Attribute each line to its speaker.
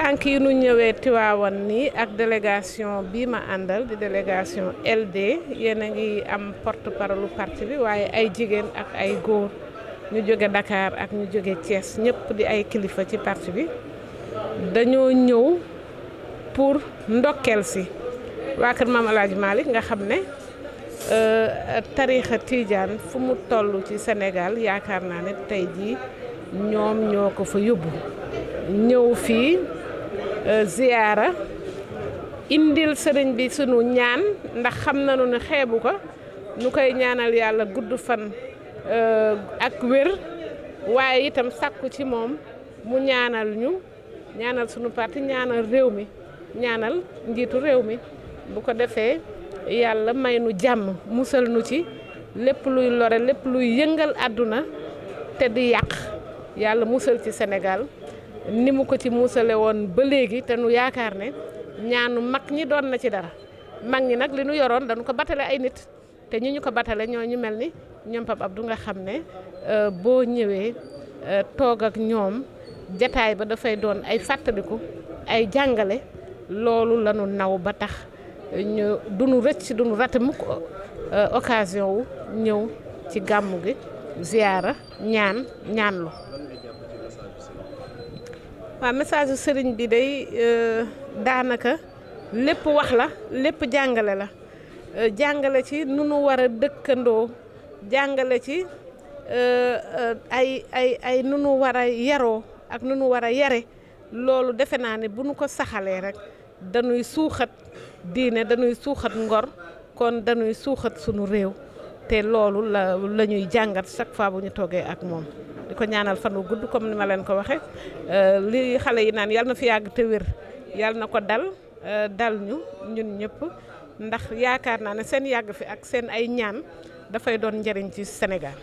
Speaker 1: tànk yi nu ñëwee Tiwaawan nii ak délégation bii ma àndal di délégation LD yéen a ngi am porte parole parti bi waaye ay jigéen ak ay góor ñu jóge ndakaar ak ñu jóge cees ñëpp di ay kilifa ci parti bi dañoo ñëw pour ndokkeel si waa kër Maam Alaaji nga xam ne euh, tariixa Tidiane fu mu toll ci Sénégal yaakaar naa ne tey jii ñoom ñoo ko fa yóbbu ñëw fii Euh, ziyaara indil sëriñ bi sunu ñaan ndax xam nañu ne xeebu ko nu koy ñaanal yàlla gudd fan euh, ak wér waaye itam sàkku ci moom mu ñaanal ñu ñaanal sunu parti ñaanal réew mi ñaanal njiitu réew mi bu ko defee yàlla may nu jàmm musal nu ci lépp luy lore lépp luy yëngal àdduna te di yàq yàlla musal ci Sénégal ni mu ko ci muusale woon ba léegi te nu yaakaar ne ñaanu mag ñi doon na ci dara mag ñi nag li nu yoroon dañu ko batale ay nit te ñi ñu ko batale ñoo ñu mel ni ñoom ab du nga xam ne euh, boo ñëwee euh, toog ak ñoom jataay ba dafay doon ay fàttaliku ay jàngale loolu la naw ba tax ñu duñu rëcc duñu rate mukk euh, occasion wu ñëw ci gàmmu gi siyaara ñaan ñaanlu waa message sëriñ bi day euh, daanaka lépp wax la lépp jàngale la euh, jàngale ci nu nu war a dëkkandoo jàngale ci euh, ay ay ay nu nu war a yaroo ak nu nu war a yare loolu defe naa ne bu nu ko saxalee rek dañuy suuxat diine dañuy suuxat ngor kon dañuy suuxat sunu réew te loolu la la ñuy jàngat chaque fois bu ñu toogee ak moom. ko ñaanal fan wu gudd comme ni ma leen ko waxee euh, li xale yi naan yal na fi yàgg te wér yal na ko dal euh, dal ñu ñun ñëpp ndax yaakaar naa ne seen yàgg fi ak seen ay ñaan dafay doon njëriñ ci senegal